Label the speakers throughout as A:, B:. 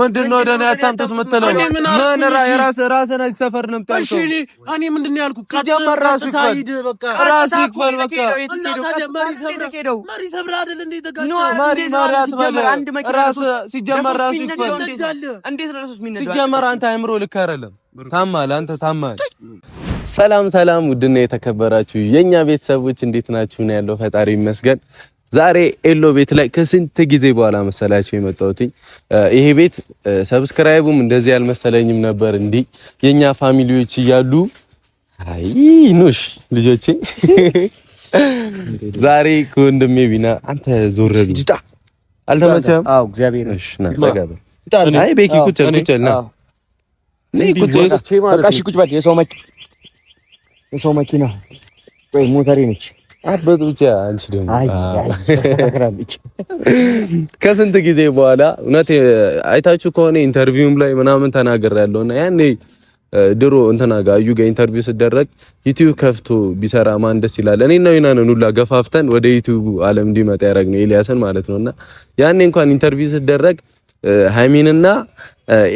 A: ምንድን ነው ወደ እኔ አታምጡት የምትለው? ራስህን ሰፈር ነው የምታምጠው። እኔ ምንድን ነው ያልኩት? ሲጀመር ራሱ ይክፈል፣ ራሱ ይክፈል። በቃ ሲጀመር ሲጀመር አንተ አይምሮ ልክ አይደለም። ታማል፣ አንተ ታማል። ሰላም ሰላም! ውድና የተከበራችሁ የኛ ቤተሰቦች እንዴት ናችሁ? ነው ያለው። ፈጣሪ ይመስገን። ዛሬ ኤሎ ቤት ላይ ከስንት ጊዜ በኋላ መሰላችሁ የመጣሁትኝ። ይሄ ቤት ሰብስክራይቡም እንደዚህ ያልመሰለኝም ነበር። እንዲህ የኛ ፋሚሊዎች እያሉ አይ ኑሽ ልጆቼ፣ ዛሬ ከወንድሜ ቢና አንተ ዞር ቢጣ አልተመቸም? አዎ እግዚአብሔር ና ይመስገን። አይ ቤኪ ቁጭል ቁጭል ና ቁጭል
B: በቃ እሺ ቁጭ በል። የሰው መኪና ወይ ሞተሬ ነች
A: አበጥ ብቻ አንቺ ደግሞ ከስንት ጊዜ በኋላ እውነት አይታችሁ ከሆነ ኢንተርቪውም ላይ ምናምን ተናገር ያለውና ያኔ ድሮ እንትና ጋር እዩ ጋር ኢንተርቪው ስደረግ ዩቲዩብ ከፍቶ ቢሰራ ማን ደስ ይላል። እኔ እኔና ዩናንን ሁላ ገፋፍተን ወደ ዩቲዩብ ዓለም እንዲመጣ ነው ኤልያስን ማለት ነውና ያኔ እንኳን ኢንተርቪው ስደረግ ሀይሚንና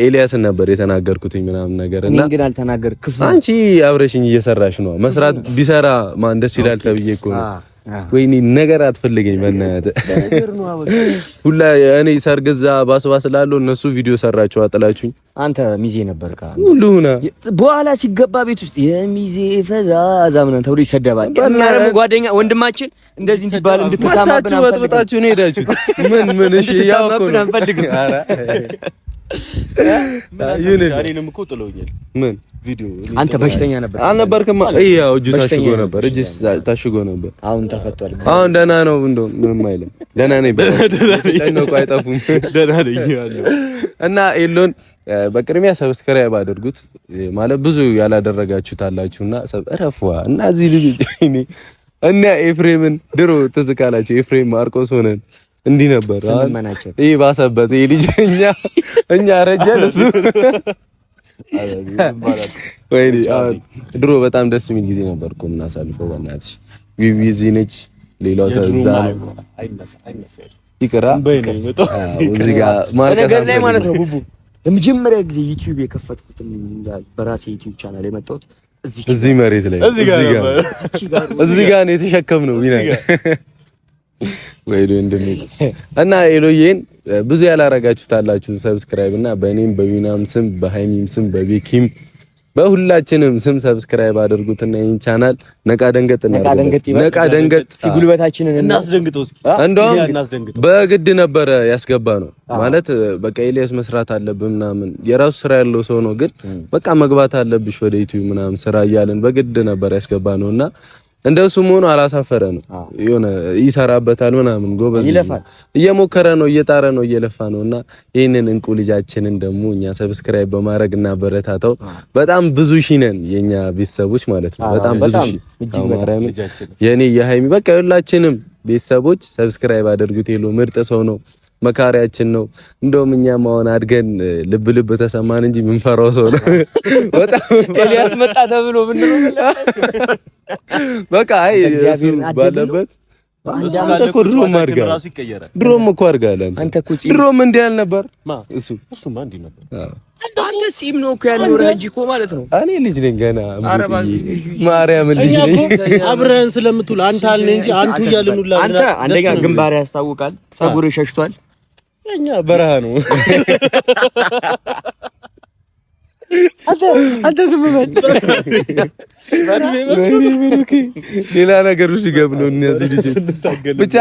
A: ኤልያስን ነበር የተናገርኩት ምናምን ነገር እና
B: እንግዲህ አልተናገርክም።
A: አንቺ አብረሽኝ እየሰራሽ ነው መስራት ቢሰራ ማን ደስ ይላል ተብዬ እኮ ነው ወይኔ ነገር አትፈልገኝ በእናትህ ሁላ እኔ ሰርግ እዛ ባስባ ስላለው እነሱ ቪዲዮ ሰራችሁ አጥላችሁኝ።
B: አንተ ሚዜ ነበርካ ሁሉ ሆነ በኋላ ሲገባ ቤት ውስጥ የሚዜ ፈዛዛ ምናምን ተብሎ ይሰደባል። እና ጓደኛ ወንድማችን እንደዚህ እንዲባል
A: እንድትታማብና ወጥጣችሁ ነው ሄዳችሁ ምን ምን እሺ ያው እኮ ነው
B: እኔንም እኮ ጥለውኛል።
A: ምን ቪዲዮ አንተ በሽተኛ ነበር አልነበርክም? ያው እጁ ታሽጎ ነበር፣ እጅ ታሽጎ ነበር።
B: አሁን ተፈቷል።
A: አሁን ደህና ነው፣ ምንም አይልም። ደህና ነኝ። ጨነቁ አይጠፉም። ደህና ነኝ እና ኤሎን በቅድሚያ ሰብስክራይብ አድርጉት። ማለት ብዙ ያላደረጋችሁት አላችሁና ረፏ እና እዚህ ልጅ እና ኤፍሬምን ድሮ ትዝ ካላችሁ ኤፍሬም ማርቆስ ሆነን እንዲህ ነበር ይህ ባሰበት። ይሄ ልጅ እኛ እኛ ረጀን እሱ ድሮ በጣም ደስ የሚል ጊዜ ነበር እኮ የምናሳልፈው። በእናትሽ ቢቢ እዚህ ነች፣ ሌላው ተዛ ይቅራ እዚህ ጋር
B: ማለት ነው። ቡቡ ለመጀመሪያ ጊዜ ዩቲዩብ የከፈትኩት በራሴ ዩቲዩብ ቻናል የመጣሁት
A: እዚህ መሬት ላይ እዚህ ጋር ነው የተሸከም ነው የተሸከምነው ወይዶ እንደሚል እና ኤሎዬን ብዙ ያላረጋችሁት አላችሁ። ሰብስክራይብ እና በእኔም በዊናም ስም በሃይሚም ስም በቤኪም በሁላችንም ስም ሰብስክራይብ አድርጉት እና ይህን ቻናል ነቃ ደንገጥ ነቃ ደንገጥ ጉልበታችንን እናስደንግጠው እስኪ። እንደውም በግድ ነበረ ያስገባ ነው ማለት በቃ ኤልያስ መስራት አለብን ምናምን የራሱ ስራ ያለው ሰው ነው፣ ግን በቃ መግባት አለብሽ ወደ ዩቲዩብ ምናምን ስራ እያልን በግድ ነበር ያስገባ ነውና እንደሱ መሆኑ አላሳፈረ ነው። የሆነ ይሰራበታል ምናምን ጎበዝ እየሞከረ ነው፣ እየጣረ ነው፣ እየለፋ ነው እና ይህንን እንቁ ልጃችንን ደግሞ እኛ ሰብስክራይብ በማድረግ እና በረታተው። በጣም ብዙ ሺህ ነን የኛ ቤተሰቦች ማለት ነው። በጣም ብዙ ሺህ የኔ የሃይሚ በቃ ሁላችንም ቤተሰቦች ሰብስክራይብ አድርጉት። ሄሎ ምርጥ ሰው ነው። መካሪያችን ነው። እንደውም እኛም አሁን አድገን ልብ ልብ ተሰማን እንጂ የምንፈራው ሰው ነው። በጣም ኤልያስ መጣ ተብሎ ምን ነው በቃ አይ እሱ ባለበት አንተ እኮ ድሮም አድጋል። ድሮም እኮ አድጋል። አንተ እኮ ድሮም እንዲህ አልነበር
B: እሱ እሱማ እንዲህ ነበር። አንተ ሲም ነው እኮ ያለው ረጂ እኮ ማለት
A: ነው። እኔ ልጅ ነኝ ገና ማርያም ልጅ ነኝ።
B: አብረን ስለምትውል አንተ አልን እንጂ አንቱ እያልን ሁላ አንተ አንደኛ ግንባር ያስታውቃል። ጸጉር ሸሽቷል
A: እኛ በረሃ ነው።
B: አንተ ዝም በል።
A: ሌላ ነገር ውስጥ ይገብ ነው እነዚህ ልጅ ብቻ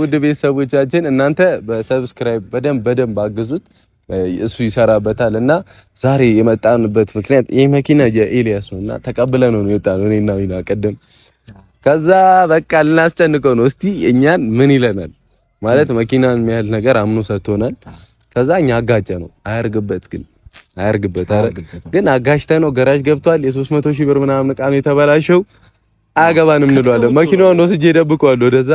A: ውድ ቤተሰቦቻችን እናንተ በሰብስክራይብ በደንብ በደንብ አግዙት። እሱ ይሰራበታል እና ዛሬ የመጣንበት ምክንያት ይህ መኪና የኤልያስ ነው እና ተቀብለ ነው የወጣ ነው እኔና ቀደም። ከዛ በቃ ልናስጨንቀው ነው። እስቲ እኛን ምን ይለናል? ማለት መኪናን የሚያህል ነገር አምኖ ሰጥቶናል። ከዛ እኛ አጋጨ ነው አያርግበት ግን አያርግበት አረ ግን አጋሽተ ነው ገራጅ ገብቷል። የሶስት መቶ ሺህ ብር ምናምን እቃ ነው የተበላሸው። አያገባንም እንለዋለን። መኪናውን ወስጄ እደብቀዋለሁ። ወደዛ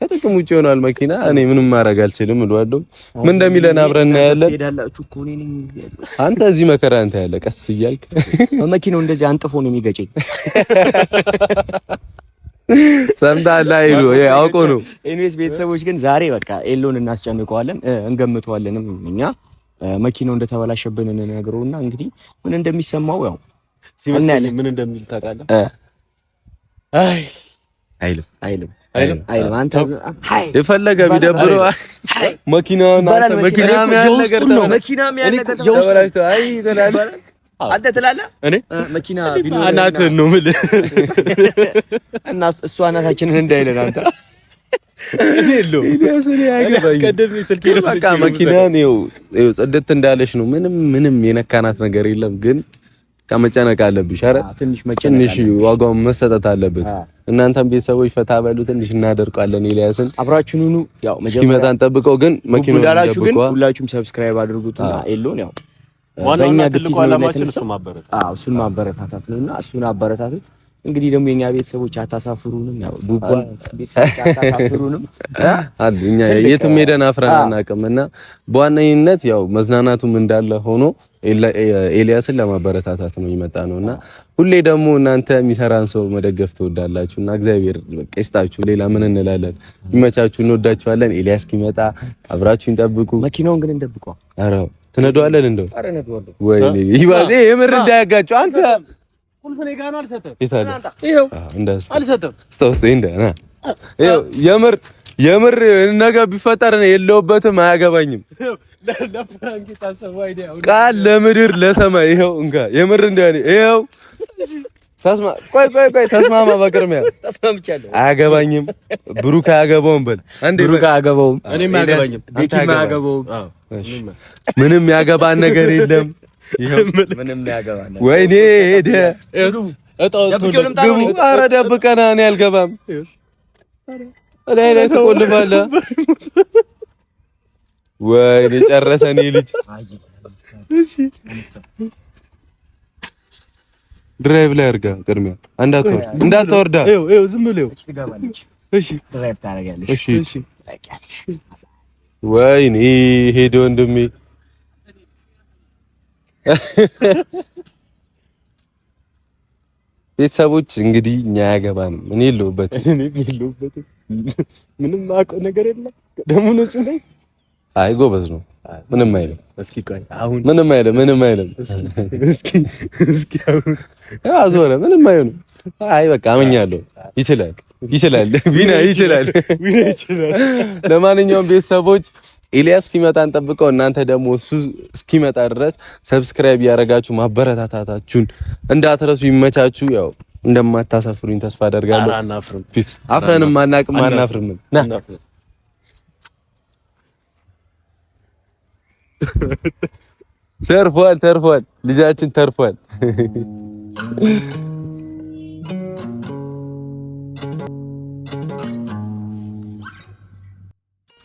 A: ከጥቅም ውጭ ይሆናል መኪና። እኔ ምንም ማድረግ አልችልም እለዋለሁ። ምን እንደሚለን አብረን እናያለን። አንተ እዚህ መከራ አንተ ያለ ቀስ እያልክ
B: መኪናው እንደዚህ አንጥፎ ነው የሚገጨኝ
A: ሰምታላ ይሉ አውቆ ነው።
B: ኤኒዌይስ ቤተሰቦች ግን ዛሬ በቃ ኤሎን እናስጨንቀዋለን፣ እንገምተዋለንም እኛ መኪናው እንደተበላሸብን እንነግረውና እንግዲህ ምን እንደሚሰማው ያው ሲመስል
A: ምን እንደሚል ታውቃለህ? አይ አይልም አይልም አይልም አይልም። አንተ አይ የፈለገ ቢደብረው መኪናውን
B: መኪናም ያለ ነገር ነው መኪናም ያለ
A: ነገር ነው። አይ ይላል አንተ ትላለህ። እኔ መኪና ቢኖር እናትህን ነው የምልህ።
B: እና እሷ እናታችንን እንዳይለን አንተ
A: መኪና ጽድት እንዳለች ነው። ምንም ምንም የነካናት ነገር የለም። ግን ከመጨነቅ አለብሽ። ኧረ ትንሽ ዋጋው መሰጠት አለበት። እናንተም ቤተሰቦች ፈታ በሉ። ትንሽ እናደርቀዋለን። ኤልያስን አብራችሁን ሁኑ። ያው መጀመሪያ እስኪመጣ እንጠብቀው። ግን መኪናውን
B: ሁላችሁም ሰብስክራይብ አድርጉት። ኤሎን ያው በእኛ ግፊት ነው እሱን ማበረታታት ነው እና እሱን አበረታቱት። እንግዲህ ደግሞ የኛ ቤተሰቦች አታሳፍሩንም፣ ያው ቡባ ቤተሰቦች
A: አታሳፍሩንም አሉ። እኛ የትም ሄደን አፍረን አናውቅም። እና በዋነኝነት ያው መዝናናቱም እንዳለ ሆኖ ኤልያስን ለማበረታታት ነው ይመጣ ነው እና ሁሌ ደግሞ እናንተ የሚሰራን ሰው መደገፍ ትወዳላችሁ እና እግዚአብሔር በቃ ይስጣችሁ። ሌላ ምን እንላለን? ይመቻችሁ፣ እንወዳችኋለን። ኤልያስ ኪመጣ አብራችሁ ይጠብቁ።
B: መኪናውን ግን እንደብቀው
A: ትነደዋለን እንደው ወይኔ ይባዜ የምር እንዳያጋጩ አንተ የምር የምር ነገ ቢፈጠር የለውበትም፣ አያገባኝም። ቃል ለምድር ለሰማይ ይኸው እንካ የምር እንዲያ ይኸው ቆይ ቆይ ቆይ ተስማማ። በቅድሚያ ተስማምቻለሁ። አያገባኝም፣ ብሩክ አያገባውም። በል ብሩክ አያገባውም፣
B: እኔም አያገባኝም፣
A: ቤኪም አያገባውም። ምንም ያገባን ነገር የለም። ወይኔ ሄደ። ኧረ ደብቀና፣ እኔ አልገባም። ላይ ላይ ትቆልፋለህ። ወይኔ ጨረሰ። እኔ ልጅ ድራይቭ ላይ አድርጋ ቅድሚያ እንዳትወርድ እንዳትወርዳ። ዝም ብለው እሺ፣ ወይኔ ሄዶ ወንድሜ ቤተሰቦች እንግዲህ እኛ ያገባን እኔ የለሁበትም፣
B: ምንም አውቀው ነገር የለም። ደሙ ንጹህ ላይ
A: አይ ጎበዝ ነው። ምንም አይልም። እስኪ ቆይ አሁን ምንም አይልም። ምንም አይልም።
B: እስኪ እስኪ
A: አሁን አዞረ። ምንም አይሆንም። አይ በቃ አመኛለሁ። ይችላል፣ ይችላል፣ ቢና ይችላል፣ ቢና ይችላል። ለማንኛውም ቤተሰቦች ኤልያስ እስኪመጣ እንጠብቀው። እናንተ ደግሞ እሱ እስኪመጣ ድረስ ሰብስክራይብ ያደረጋችሁ ማበረታታታችሁን እንዳትረሱ። ይመቻችሁ። ያው እንደማታሳፍሩኝ ተስፋ
B: አደርጋለሁ። አናፍርም፣
A: ፒስ አፍረንም አናቅም፣ አናፍርም። ተርፏል ተርፏል። ልጃችን ተርፏል።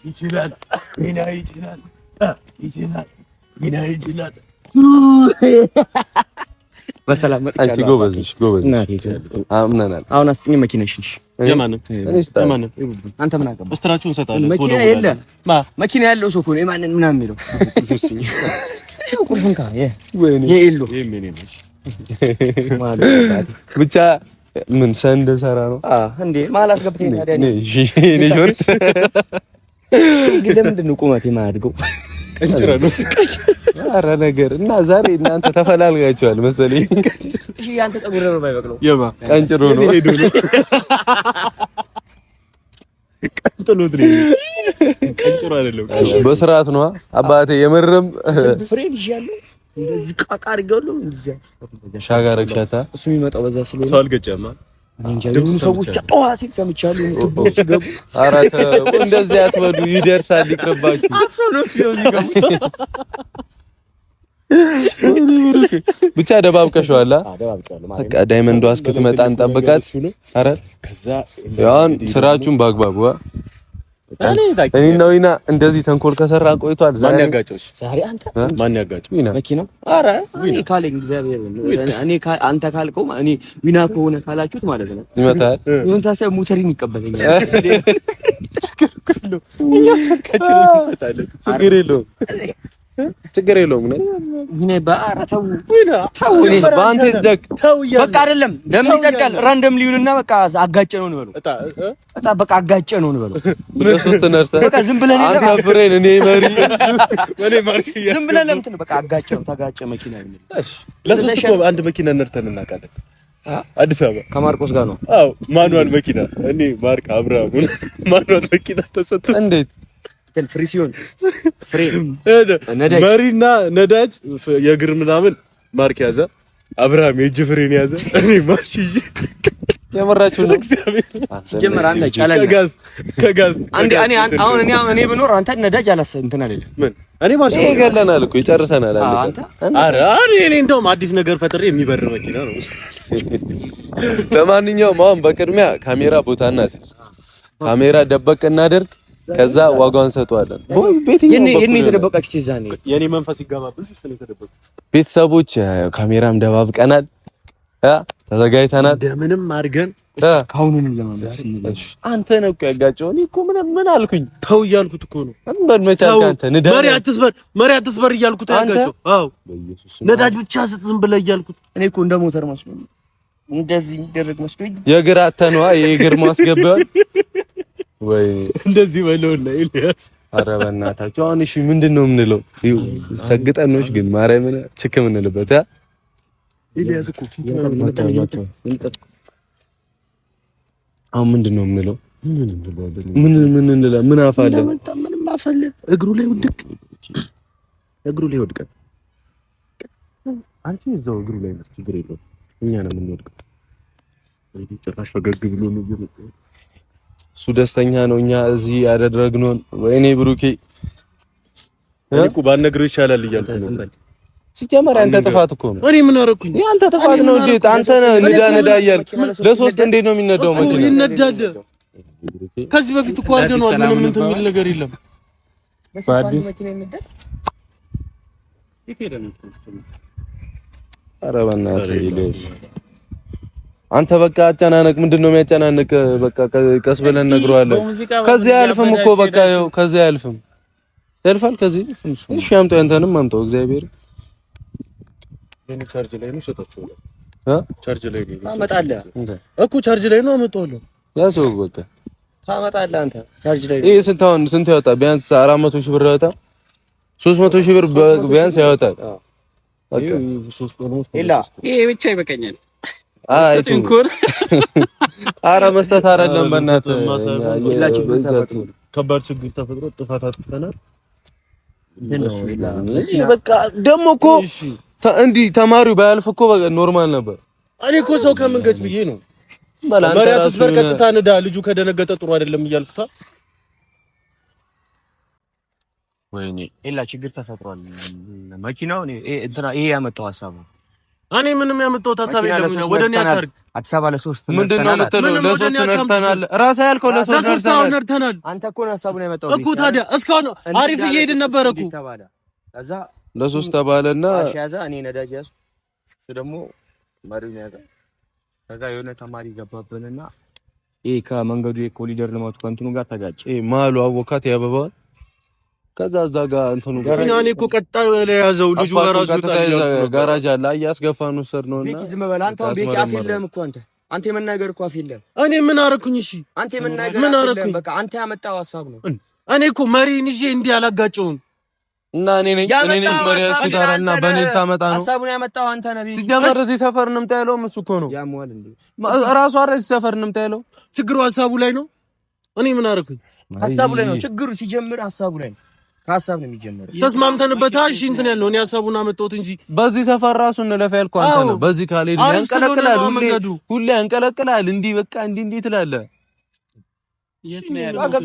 B: ይችላል ሚና ይችላል ይችላል ሚና ይችላል።
A: በሰላም መጣች። ጎበዝ ጎበዝ።
B: አምነናል። አሁን አስጭኝ መኪናሽን የማንን የማንን መኪና ያለው ሰው ነው የማንን ምናምን የሚለው
A: ብቻ ምን ሰንድ ሰራ ነው
B: እንዴ? መሀል አስገብተኝ ታዲያ እኔ ሾርት ግን ለምንድን ነው ቁመቴ የማያድገው? ቀንጭረ ነው አረ ነገር እና ዛሬ እናንተ ተፈላልጋችኋል መሰለኝ። እሺ ያንተ ጸጉር ነው
A: የማይበቅለው የማ ቀንጭሮ ነው ሄዶ ነው ቀንጥሎት ነው ቀንጭሮ አይደለም። በስርዓት ነው አባቴ። የምርም
B: ፍሬን ይዣለሁ እንደዚህ ቃቃር ይገሉ እንደዚህ
A: ሻጋ ረግሻታ እሱ የሚመጣው በዛ ስለሆነ ሰው አልገጨማ
B: የሆኑ ሰዎች ጨዋ ሲል ሰምቻለሁ። ቱቦ
A: ሲገቡ ኧረ እንደዚህ ይደርሳል፣ ይቅርባችሁ። ብቻ ደባብቀሽዋል። በቃ ዳይመንዷ እስክትመጣ እንጠብቃት። ኧረ ስራችሁን በአግባቡ እኔ ነው ወይና እንደዚህ ተንኮል ከሰራ ቆይቷል።
B: ዛሬ ዛሬ አንተ ማን ያጋጭ ወይና መኪናው? አረ እኔ ካለኝ እግዚአብሔር ነው። እኔ አንተ ካልከው እኔ ዊና ከሆነ ካላችሁት ማለት
A: ነው ይመታል።
B: ይሁን ታሰ ሙተሪን ይቀበለኛል። እኛ
A: ስልካችን ይሰጣል። ችግር የለውም ችግር የለውም። ነው
B: እኔ በአረ ተው
A: ተው በአንተ ይዝደግ
B: በቃ አይደለም ለምን ይጸድቃል። ራንደም ሊዩንና በቃ አጋጨ ነው እንበለው እጣ በቃ አጋጨ ነው
A: እንበለው። ሶስት ነርሰ በቃ ዝም ብለን አንተ ፍሬን እኔ መሪ እኔ መሪ
B: ዝም ብለን ለምትን በቃ አጋጨ ነው ተጋጨ መኪና ነው።
A: እሺ ለሶስት እኮ አንድ መኪና ነርተን እናውቃለን። አዲስ አበባ
B: ከማርቆስ ጋር ነው።
A: አዎ ማኑዋል መኪና እኔ ማርክ አብርሃም ማኑዋል መኪና ተሰጥቶ እንዴት ካፒታል ፍሪ ሲሆን ፍሬ መሪና ነዳጅ የእግር ምናምን ማርክ ያዘ፣ አብርሃም የእጅ ፍሬን ያዘ። እኔ ማርሽ ይዤ
B: የመራችሁ ነው። ሲጀመር አንተ ጫላ ጋዝ ከጋዝ አንዴ እኔ አሁን እኔ እኔ ብኖር አንተ ነዳጅ አላሰ እንትን አይደለም ምን እኔ ማርሽ ይገለናል እኮ ይጨርሰናል። አንተ አረ አረ እኔ እንደውም አዲስ ነገር ፈጥሬ የሚበር መኪና ነው።
A: ለማንኛውም አሁን በቅድሚያ ካሜራ ቦታና ሲስ ካሜራ ደበቅ እናደርግ ከዛ ዋጋውን ሰጠዋለን። ቦይ
B: ቤትኛው የኔ የተደበቃችሁ ይዛኔ
A: የኔ መንፈስ ይጋባብስ ውስጥ ነው የተደበቁት ቤተሰቦች። ካሜራም ደባብቀናል፣ ተዘጋጅተናል።
B: እንደምንም አድርገን ካሁኑ ለማምጣት አንተ ነው እኮ ያጋጨው። እኔ እኮ ምን ምን አልኩኝ? ተው እያልኩት እኮ ነው።
A: እንበል መቻል
B: ካንተ ንዳ መሪ አትስበር፣ መሪ አትስበር እያልኩት ያጋጨው። አዎ ነዳጅ ብቻ ስጥ ዝም ብለህ እያልኩት። እኔ እኮ እንደ ሞተር መስሎኝ እንደዚህ የሚደረግ
A: መስሎኝ የግራ ተነዋ የግር ማስገቢያ ወይ
B: እንደዚህ በለው ላይ ኤልያስ፣
A: ኧረ በእናታችሁ አሁን እሺ፣ ምንድን ነው የምንለው? ሰግጠን እሺ። ግን ማርያምን ችክ የምንልበት
B: ኤልያስ እኮ ፊት ነው።
A: አሁን ምንድን ነው የምንለው? ምን ምን እንላ ምን አፋለ
B: ምን አፋለ እግሩ ላይ ውድቅ እግሩ ላይ ወድቀን አንቺ እዛው እግሩ ላይ ችግር የለውም እኛ ነው የምንወድቀው። ጭራሽ ፈገግ ብሎ ነው
A: እሱ ደስተኛ ነው። እኛ እዚህ ያደረግነውን ወይኔ ብሩኬ
B: እኮ ባልነግረው ይሻላል እያልኩ ነው። ሲጀመር አንተ ጥፋት እኮ ነው። እኔ ምን አደረኩኝ? አንተ ጥፋት ነው። እንዴ? አንተ ንዳ ንዳ እያልክ ለሶስት እንዴት ነው የሚነዳው? ነው ይነዳል። ከዚህ በፊት እኮ አድርገነዋል። ምንም እንትን የሚል ነገር የለም። በአዲስ
A: ኧረ በእናትህ አንተ በቃ አጨናነቅ። ምንድነው ነው በቃ ቀስ ብለን እነግረዋለን። ከዚህ አያልፍም እኮ በቃ ያው ከዚህ አያልፍም፣ ያልፋል። ከዚህ እሺ፣ አምጣው፣ አንተንም አምጣው። እግዚአብሔር
B: ቻርጅ ላይ ነው ሰጣችሁ እሰጣችኋለሁ። ቻርጅ ላይ ነው አመጣለሁ እኮ ቻርጅ ላይ ነው አመጣዋለሁ። ያ በቃ ታመጣለህ አንተ
A: ቻርጅ ላይ። ይሄ ስንት አሁን ያወጣ? ቢያንስ አራት መቶ ሺህ ብር ያወጣ፣ ሦስት መቶ ሺህ ብር ቢያንስ ያወጣል።
B: በቃ ይሄ ብቻ ይበቃኛል።
A: አረ መስጠት አይደለም በእናትህ ከባድ ችግር ተፈጥሮ ጥፋት አጥፍተናል። በቃ ደግሞ እኮ እንዲህ ተማሪው ባያልፍ እኮ ኖርማል ነበር።
B: እኔ እኮ ሰው ከምንገጭ ብዬ ነው መሪያ ትስበር ቀጥታ ንዳ ልጁ ከደነገጠ ጥሩ አይደለም እያልኩታ። ወይኔ ኤላ ችግር ተፈጥሯል። መኪናው ይሄ ያመጣው ሀሳብ ነው እኔ ምንም ያመጣሁት ሀሳብ የለም። ወደ እኔ አታርግ። አዲስ አበባ ለሶስት
A: ምንድን ምንድነው የምትለው? ለሶስት ነድተናል። ራስህ ያልከው
B: ለሶስት ነድተናል። አንተ እኮ ነው ሀሳቡን ያመጣው እኮ። ታዲያ እስካሁን አሪፍ እየሄድን ነበር እኮ።
A: ከዛ ለሶስት ተባለና
B: ያዛ እኔ ነዳጅ ያሱ እሱ ደግሞ መሪውን ያዛ። ከዛ የሆነ ተማሪ ገባብንና ይሄ ከመንገዱ የኮሊደር ልማቱ ከእንትኑ ጋር ተጋጭ።
A: ይሄ ማሉ አቮካት ያበባዋል ከዛ እዛ ጋር እንትኑ
B: እና እኔ እኮ ቀጣ ላይ
A: ያዘው ልጁ ጋራጅ ጋራጅ አለ እያስገፋ ነው ሰር
B: ነው። እና ዝም በል አንተ። አሁን ቤኪ አፍ የለህም እኮ አንተ አንተ የመናገር እኮ አፍ የለህም። እኔ ምን አደረኩኝ? እሺ አንተ የመናገር ምን አደረኩኝ? በቃ አንተ ያመጣው ሀሳብ ነው። እኔ እኮ መሪን ይዤ እንዲህ አላጋጨውም
A: እና እኔ ነኝ እኔ ነኝ መሪ አስኪታራ እና በእኔ ታመጣ
B: ነው ሀሳቡን ያመጣው አንተ
A: ነህ። ሲጀመር እዚህ ሰፈር እንምጣ ያለውም እሱ እኮ ነው። ያሟል እንዴ ራሱ አረ እዚህ ሰፈር እንምጣ ያለው
B: ችግሩ ሀሳቡ ላይ ነው። እኔ ምን አደረኩኝ? ሀሳቡ ላይ ነው ችግሩ ሲጀምር ሀሳቡ ላይ ነው ከሀሳብ ነው የሚጀምረው። ተስማምተንበት እሺ እንትን ያለው እኔ ሀሳቡን አመጣሁት እንጂ
A: በዚህ ሰፈር ራሱ እንለፋ ያልኩ አንተ ነው። በዚህ ካልሄድ ያንቀለቅላል፣ ሁሌ ያንቀለቅላል። እንዲህ በቃ እንዲህ እንዲህ ትላለህ።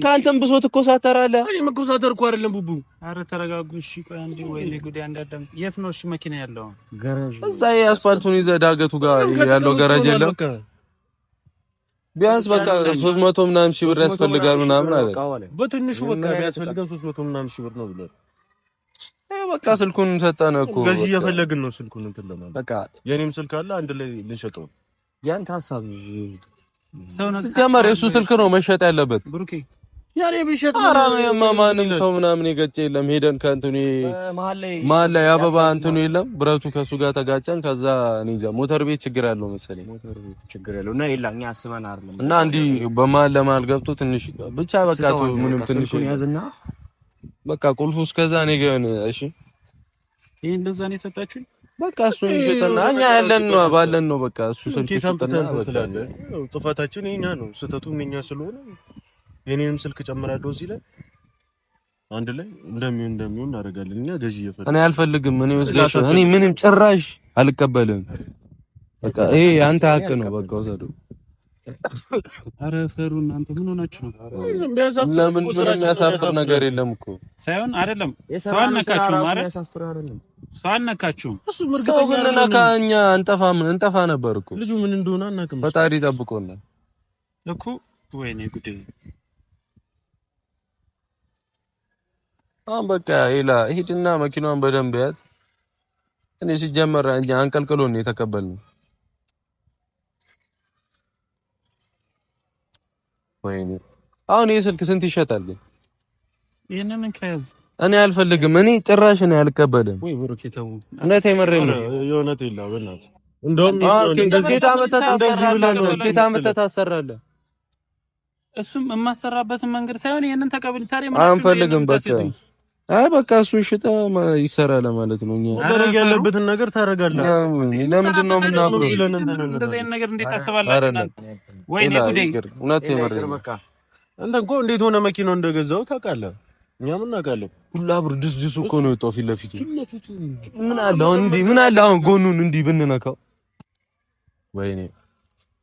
B: ከአንተም ብሶት እኮ ሳተራለ እኔ መኮሳተር እኮ አይደለም ቡቡ። አረ ተረጋጉ። እሺ ቆይ አንዴ፣ ወይኔ ጉዴ! አንዳንዴም የት ነው እሺ መኪና ያለው?
A: ገረዥ እዛ የአስፓልቱን ይዘህ ዳገቱ ጋር ያለው ገረዥ የለም ቢያንስ በቃ 300 ምናምን ሺህ ብር ያስፈልጋል ምናምን አለ።
B: በትንሹ በቃ የሚያስፈልገን 300 ምናምን ሺህ ብር ነው ብሎ
A: በቃ ስልኩን ሰጠን
B: እኮ በዚህ እየፈለግን ነው ስልኩን እንትን
A: ለማለት በቃ የኔም ስልክ አለ አንድ ላይ ልንሸጠው ያንተ ሀሳብ ሲጀመር የሱ ስልክ ነው መሸጥ ያለበት ብሩኬ ያኔ ቢሸጥ ማንም ሰው ምናምን የገጨ የለም። ሄደን ከእንትኑ መሀል ላይ አበባ እንትኑ የለም ብረቱ ከሱ ጋር ተጋጨን። ከዛ እኔ ሞተር ቤት ችግር ያለው መሰለኝ እና እንዲህ በመሀል ለመሀል ገብቶ ትንሽ ብቻ በቃ ምንም ትንሽ በቃ ቁልፉ እስከዛ እኔ ገን እሺ፣
B: ይሄ እንደዛ ነው የሰጣችሁኝ።
A: በቃ እሱ ይሸጥና እኛ ያለን ነው ባለን ነው በቃ እሱ ስልክ ይሸጥና
B: ጥፋታችን የኛ ነው ስህተቱም የኛ ስለሆነ የኔንም ስልክ ጨምራለሁ እዚህ ላይ አንድ ላይ እንደሚሆን እንደሚሆን እናደርጋለን። እኛ
A: ገዢ እየፈለግን እኔ አልፈልግም። እኔ ወስደሽ እኔ ምንም ጭራሽ አልቀበልም። በቃ ይሄ አንተ ሀቅ ነው። በቃ ወሰደው።
B: አረ ፈሩ እናንተ ምን ሆናችሁ ነው?
A: ለምን ምን የሚያሳፍር ነገር የለም እኮ
B: ሳይሆን አይደለም። ሰው አልነካችሁም፣ አይደል? ሰው አልነካችሁም።
A: ሰው ብንነካ እኛ እንጠፋ ምን እንጠፋ ነበር እኮ።
B: ልጁ ምን እንደሆነ
A: አናውቅም። ፈጣሪ ጠብቆናል
B: እኮ። ወይኔ ጉዴ
A: አሁን በቃ ሌላ ሂድና መኪናዋን በደንብ ያት። እኔ ሲጀመር እኛ አንቀልቅሎን ነው የተቀበልነው። ወይኔ አሁን ይህ ስልክ ስንት ይሸጣል?
B: ይሄንን ከያዝ
A: እኔ አልፈልግም። እኔ ጭራሽ እኔ አልቀበልም። ወይ ብሩክ ይተው እውነት የመረኝ ነው የእውነት ይላ በእናት እንደውም ጌታ መተህ ታሰራለህ፣ ጌታ መተህ
B: እሱም የማሰራበትን መንገድ ሳይሆን ይሄንን ተቀበል
A: ታሪ አንፈልግም በቃ አይ በቃ እሱ ሽጠ ይሰራል ለማለት ነው።
B: እኛ ማድረግ ያለበትን ነገር ታደርጋለህ።
A: ለምንድን ነው የምናፍረው?
B: እንደዚህ ነገር እንዴት እኮ
A: እንዴት ሆነ መኪናው እንደገዛው ታውቃለህ። እኛ ምን እናውቃለን? ሁላ ብር ድስድሱ እኮ ነው የወጣው ፊት ለፊቱ። ምን አለ አሁን? እንዲህ ምን አለ አሁን? ጎኑን እንዲህ ብንነካው ወይኔ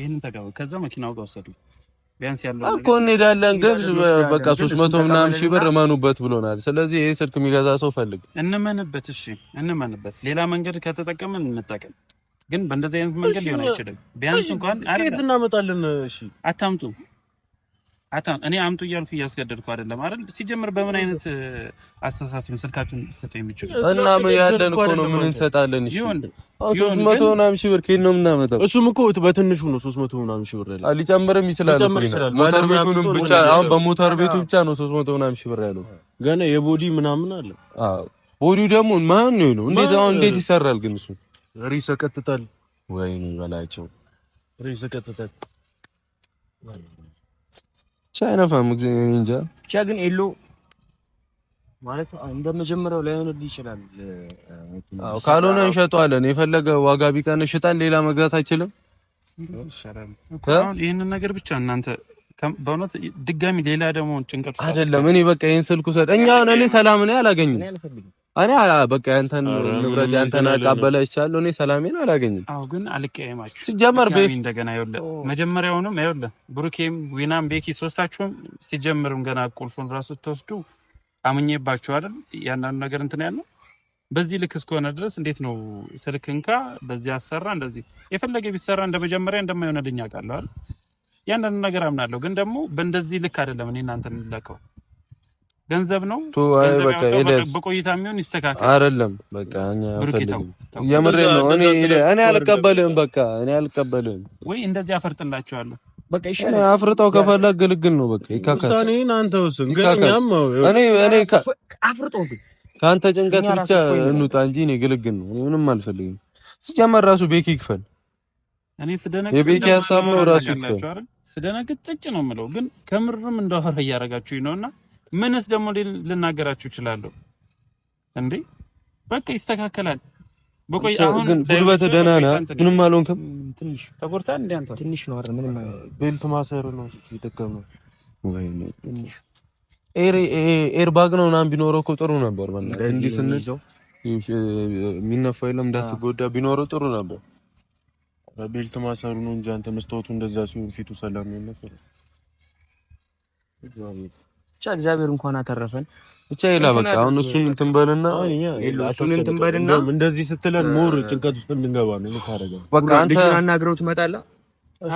B: ይሄንን ተቀበል። ከዛ መኪናው ጋር ወሰዱ። ቢያንስ
A: ያለው እኮ እንሄዳለን፣ ግን በቃ 300 ምናምን ሺህ ብር እመኑበት ብሎናል። ስለዚህ ይሄ ስልክ የሚገዛ ሰው ፈልግ፣
B: እንመንበት። እሺ እንመንበት። ሌላ መንገድ ከተጠቀምን እንጠቀም፣ ግን በእንደዚህ አይነት መንገድ ሊሆን አይችልም። ቢያንስ እንኳን አረ እናመጣለን። እሺ አታምጡ አታም እኔ አምጡ እያልኩ እያስገደድኩ አይደለም አይደል? ሲጀምር በምን አይነት አስተሳሰብ ነው ስልካችሁን ሰጠ
A: የሚችል እና ምን ያለን እኮ ነው ምን እንሰጣለን? እሺ ሶስት መቶ ምናምን ሺህ ብር ከየት ነው የምናመጣው?
B: እሱም እኮ በትንሹ ነው ሶስት መቶ ምናምን ሺህ ብር
A: ያለው ሊጨምርም ይችላል። ሞተር ቤቱንም ብቻ አሁን በሞተር ቤቱ ብቻ ነው ሶስት መቶ ምናምን ሺህ ብር ያለው ገና የቦዲ ምናምን አለ። አዎ ቦዲው ደግሞ ማን ነው? ነው እንዴት አሁን እንዴት ይሰራል? ግን እሱ
B: ሪሰ ቀጥታል
A: ወይ ነው በላቸው
B: ሪሰ ቀጥታል
A: አይነፋም። እግዚአብሔር
B: እንጃ ብቻ ግን ኤሎ ማለት እንደመጀመሪያው ላይሆንልህ ይችላል።
A: አዎ ካልሆነ እንሸጠዋለን። የፈለገ ዋጋ ቢቀንስ ሽጠን ሌላ መግዛት አይችልም።
B: ይህንን ነገር ብቻ እናንተ በእውነት ድጋሚ ሌላ ደግሞ
A: ጭንቀት አይደለም። እኔ በቃ ይህን ስልኩ ሰድ እኛ እኔ ሰላም ነው አላገኝም እኔ በቃ ያንተን ንብረት ያንተን አቃበለ ይቻለሁ። እኔ ሰላሜን አላገኝም።
B: አዎ፣ ግን አልቀየማችሁ
A: ሲጀመር ቤት
B: እንደገና ይወለ መጀመሪያውንም አይወለ ብሩኬም፣ ዊናም፣ ቤኪ ሶስታችሁም ሲጀምርም ገና ቁልፉን ራሱ ስትወስዱ አይደል? ያንዳንዱ ነገር እንትን ያለው በዚህ ልክ እስከሆነ ድረስ እንዴት ነው ስልክ እንካ በዚህ አሰራ እንደዚህ የፈለገ ቢሰራ እንደ መጀመሪያ እንደማይሆንልኝ አውቃለሁ። ያንዳንዱ ነገር አምናለሁ። ግን ደግሞ በእንደዚህ ልክ አይደለም እኔ እናንተን እንለቀው ገንዘብ ነው። በቆይታ የሚሆን ይስተካከል።
A: አይደለም በቃ የምሬ ነው። እኔ አልቀበልህም። በቃ እኔ አልቀበልም
B: ወይ እንደዚህ አፈርጥላችኋለሁ።
A: በቃ ይሻላል። አፍርጠው ከፈለ ግልግል ነው። በቃ ይካካስ እኔን አንተ ወስን ገኛም እኔ እኔ አፍርጠው ግን ከአንተ ጭንቀት ብቻ እንውጣ እንጂ እኔ ግልግል ነው። እኔ ምንም አልፈልግም። ሲጀመር ራሱ ቤኪ ይክፈል። የቤኪ ሀሳብ ነው ራሱ ይክፈል።
B: ስደነግጥ ጭጭ ነው የምለው ግን ከምርም እንዳወራ እያደረጋችሁኝ ነውና ምንስ ደግሞ ልናገራችሁ እችላለሁ እንዴ? በቃ ይስተካከላል።
A: በቆይ አሁን ግን ጉልበት ደህና ነህ? ምንም አልሆንክም።
B: ትንሽ ተጎድተሃል እንዴ? አንተ ትንሽ ነው አይደል? ምንም
A: ቤልት ማሰር ነው የደከመው። ወይኔ ትንሽ ኤርባግ ነው ምናምን ቢኖረው እኮ ጥሩ ነበር። በእናትህ እንዲህ ስንል የሚነፋ የለም እንዳትጎዳ ቢኖረው ጥሩ ነበር። በቤልት ማሰሩ ነው እንጂ አንተ መስታወቱ እንደዛ ሲሆን ፊቱ ሰላም ነው ነበር።
B: ብቻ እግዚአብሔር እንኳን አተረፈን።
A: ብቻ ይላ በቃ አሁን እሱን እንትን በልና
B: እሱን እንትን በልና
A: እንደዚህ ስትለን ሞር ጭንቀት ውስጥ እንገባ ነው የምታደርገው።
B: በቃ አንተ አናግረው ትመጣለህ።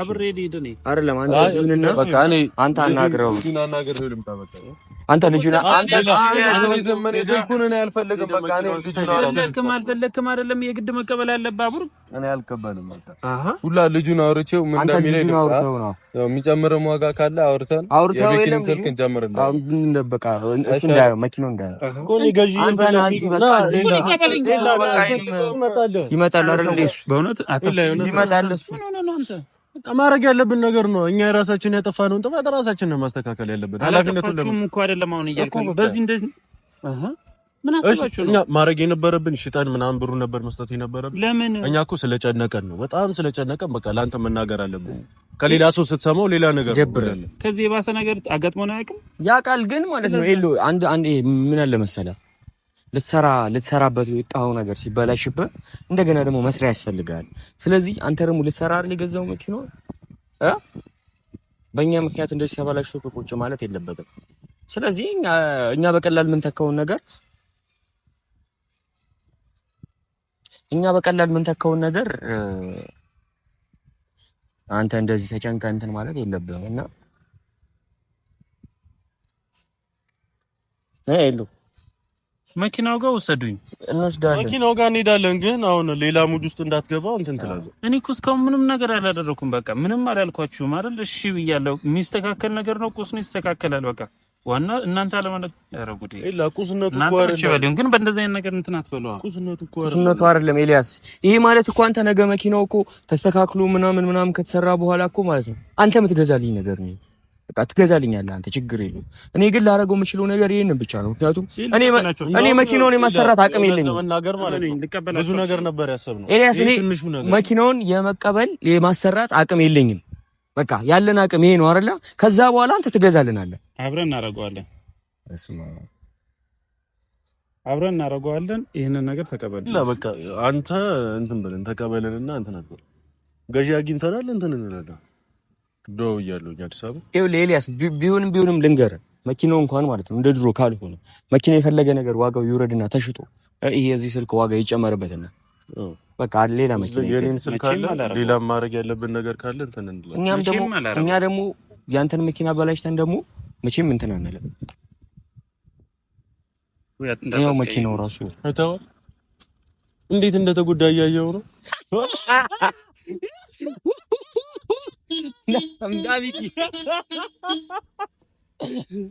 B: አብሬ ልሂድ እኔ አይደለም አንተ
A: እሱንና በቃ እኔ አንተ አናግረው እሱን አናግረው
B: ልምጣ በቃ አንተ ልጅ ነህ። አንተ ዘመን ስልኩን እኔ አልፈልግም። በቃ እኔ ልጅ አልፈለክም አይደለም የግድ መቀበል አለብህ።
A: አቡር እኔ አልቀበልም። ሁላ ልጁን አውርቼው ምን እንደሚለኝ የሚጨምርም ዋጋ ካለ አውርተን የቤኪን ስልክ እንጨምርለን። በቃ እሱ እንዳያየው መኪናውን
B: እንዳያየው ይመጣል አይደል? እሱ በእውነት ይመጣል እሱ
A: ማድረግ ያለብን ነገር ነው። እኛ የራሳችን ያጠፋነውን ጥፋት ራሳችን ነው ማስተካከል
B: ያለብን። ኃላፊነቱን ለምን እኮ አይደለም አሁን እያልኩኝ በዚህ እንደዚህ ምን ነው
A: ማድረግ የነበረብን? ሽጠን ምናምን ብሩ ነበር መስጠት የነበረብን። ለምን እኛ እኮ ስለጨነቀን ነው፣ በጣም ስለጨነቀን። በቃ ለአንተ መናገር አለብን። ከሌላ ሰው ስትሰማው ሌላ ነገር
B: ደብራል። ከዚህ የባሰ ነገር አጋጥሞን አያውቅም። ያ ቃል ግን ማለት ነው አንድ አንድ ምን አለ መሰለህ ልትሰራ ልትሰራበት የወጣው ነገር ሲበላሽብህ እንደገና ደግሞ መስሪያ ያስፈልጋል። ስለዚህ አንተ ደግሞ ልትሰራ አይደል የገዛው መኪና እ በእኛ ምክንያት እንደዚህ ተበላሽቶ ቁጭ ማለት የለበትም። ስለዚህ እኛ በቀላል የምንተካውን ነገር እኛ በቀላል የምንተካውን ነገር አንተ እንደዚህ ተጨንቀህ እንትን ማለት የለብህም እና መኪናው ጋር ወሰዱኝ። እንወስዳለን
A: መኪናው ጋር እንሄዳለን። ግን አሁን ሌላ ሙድ ውስጥ እንዳትገባ እንትን
B: ትላለህ። እኔ እኮ እስካሁን ምንም ነገር አላደረኩም። በቃ ምንም አላልኳችሁም አይደል? እሺ ብያለሁ። የሚስተካከል ነገር ነው። ቁስ ነው ይስተካከላል። በቃ ዋና እናንተ አለማለት
A: ያረጉት ይላ
B: ግን በእንደዚህ አይነት ነገር እንትን
A: አትበለዋ። ቁስነቱ
B: አይደለም ኤልያስ። ይሄ ማለት እኮ አንተ ነገ መኪናው እኮ ተስተካክሎ ምናምን ምናምን ከተሰራ በኋላ እኮ ማለት ነው አንተ የምትገዛልኝ ነገር ነው በቃ ትገዛልኛለህ አንተ ችግር የለውም። እኔ ግን ላደርገው የምችለው ነገር ይሄንን ብቻ ነው። ምክንያቱም እኔ እኔ መኪናውን የማሰራት አቅም የለኝም። ብዙ ነገር ነበር ያሰብነው። ኤልያስ እኔ መኪናውን የመቀበል የማሰራት አቅም የለኝም። በቃ ያለን አቅም ይሄ ነው አይደለ? ከዛ በኋላ አንተ ትገዛልናለህ።
A: አብረን እናደርገዋለን፣ አብረን እናደርገዋለን። ይህንን ነገር ተቀበል። በቃ አንተ እንትን ብለን ተቀበልንና እንትን ገዢ አግኝተናል እንትን እንላለን ደውያለሁኝ አዲስ
B: አበባ። ይኸውልህ ኤልያስ ቢሆንም ቢሆንም ልንገርህ መኪናው እንኳን ማለት ነው እንደ ድሮ ካልሆነ መኪና የፈለገ ነገር ዋጋው ይውረድና ተሽጦ ይሄ የዚህ ስልክ ዋጋ ይጨመርበትና በቃ ሌላ መኪና
A: የኔም ስልክ አለ። ሌላም ማድረግ ያለብን ነገር ካለ እንትን
B: እንላለን። እኛም ደግሞ እኛ ደግሞ ያንተን መኪና በላሽተን ደግሞ መቼም እንትን አንልም። ያው መኪናው ራሱ እንዴት እንደተጎዳ እያየው ነው Damdamiki. Damdamiki.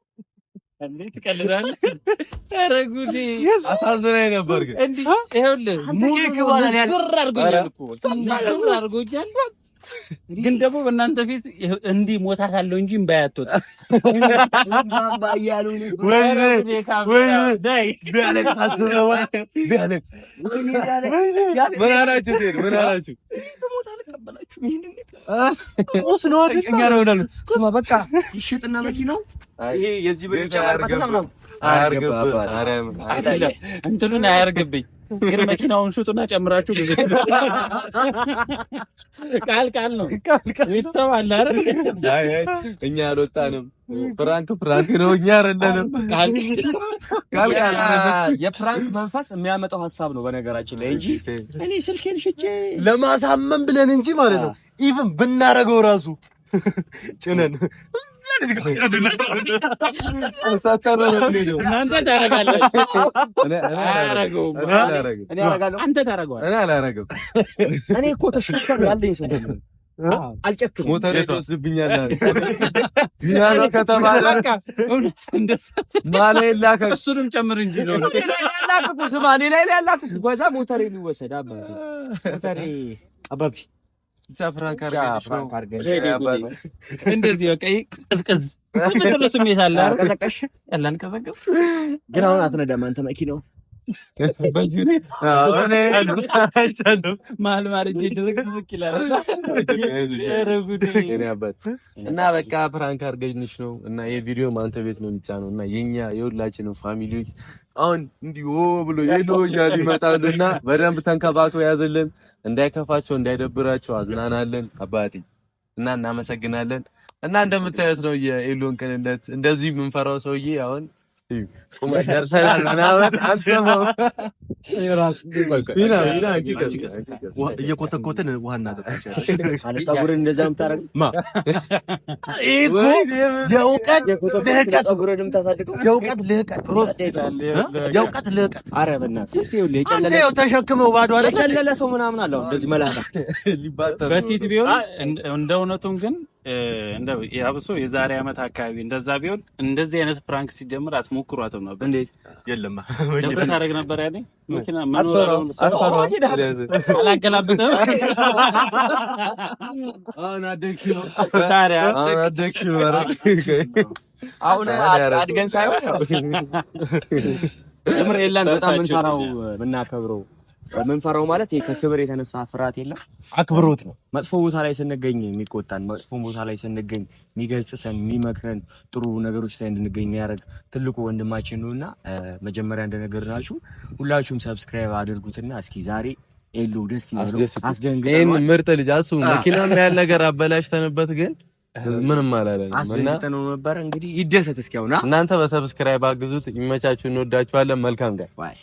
B: እንዴት ትቀልዳለህ? ኧረ ጉዴ አሳዝናኝ ነበር ግን ግን ደግሞ በእናንተ ፊት እንዲህ ሞታት አለው እንጂ እምባዬ አትወጣም። በቃ ይሸጥና መኪናው ይሄ የዚህ ብር ይጨመርበትና እንትኑን አያርግብኝ ግን መኪናውን ሽጡና ጨምራችሁ ብዙ ቃል ቃል ነው። ቤተሰብ አለ
A: አይደል? እኛ አልወጣንም። ፍራንክ ፍራንክ ነው። እኛ ረለንም ቃል
B: ቃል የፍራንክ መንፈስ የሚያመጣው ሀሳብ ነው በነገራችን ላይ እንጂ እኔ ስልኬን ሽጬ
A: ለማሳመን ብለን እንጂ ማለት ነው ኢቭን ብናረገው ራሱ ጭነን እኔ
B: አላረገውም። እኔ እሱንም ጨምር እንጂ ነው ያላክኩ ስማ፣ እኔ ላይ ያላክኩ ጓዛ ሞተሬ ሊወሰድ አባቢ ብቻ እንደዚህ በቃ ቅዝቅዝ ምትሉ ስሜት አለ። አልቀዘቀዝ ግን አሁን አትነዳም አንተ መኪናው
A: እና በቃ ፕራንክ አድርገንሽ ነው እና የቪዲዮ ማንተ ቤት ነው የሚጫነው እና የኛ የሁላችንም ፋሚሊዎች አሁን እንዲህ ብሎ የኖ እያሉ ይመጣሉ እና በደንብ ተንከባክበው ያዘለን እንዳይከፋቸው እንዳይደብራቸው አዝናናለን። አባቴ እና እናመሰግናለን። እና እንደምታዩት ነው የኤሎን ቅንነት። እንደዚህ የምንፈራው ሰውዬ አሁን ደርሰናል ምናምን አስበው እየኮተኮትን ውሃ እናደርጋቸዋለን።
B: ፀጉርን እንደዛ የእውቀት ልህቀት ተሸክመው ባዶ ለጨለለ ሰው ምናምን አለው እንደዚህ መላጣ በፊት ቢሆን እንደ እውነቱም ግን እንደው ያብሶ የዛሬ ዓመት አካባቢ እንደዛ ቢሆን እንደዚህ አይነት ፕራንክ ሲጀምር አትሞክሯትም ነበር። እንዴት የለማ ደብረ ታደርግ ነበር ያኔ መኪና አላገላብጥም። አሁን አድገን ሳይሆን ምር የለን በጣም ምንሰራው ምናከብረው የምንፈራው ማለት ከክብር የተነሳ ፍርሃት የለም፣ አክብሮት ነው። መጥፎ ቦታ ላይ ስንገኝ የሚቆጣን፣ መጥፎ ቦታ ላይ ስንገኝ የሚገስጸን፣ የሚመክረን፣ ጥሩ ነገሮች ላይ እንድንገኝ የሚያደርግ ትልቁ ወንድማችን ነው እና መጀመሪያ እንደነገርናችሁ ሁላችሁም ሰብስክራይብ አድርጉትና እስኪ ዛሬ ኤሉ ደስ
A: ይህን ምርጥ ልጅ አስቡ። መኪናም ያህል ነገር አበላሽተንበት ግን ምንም አላለን።
B: አስደንግጠን ነው ነበር። እንግዲህ ይደሰት እስኪ
A: እናንተ በሰብስክራይብ አግዙት። ይመቻችሁ። እንወዳችኋለን። መልካም ጋር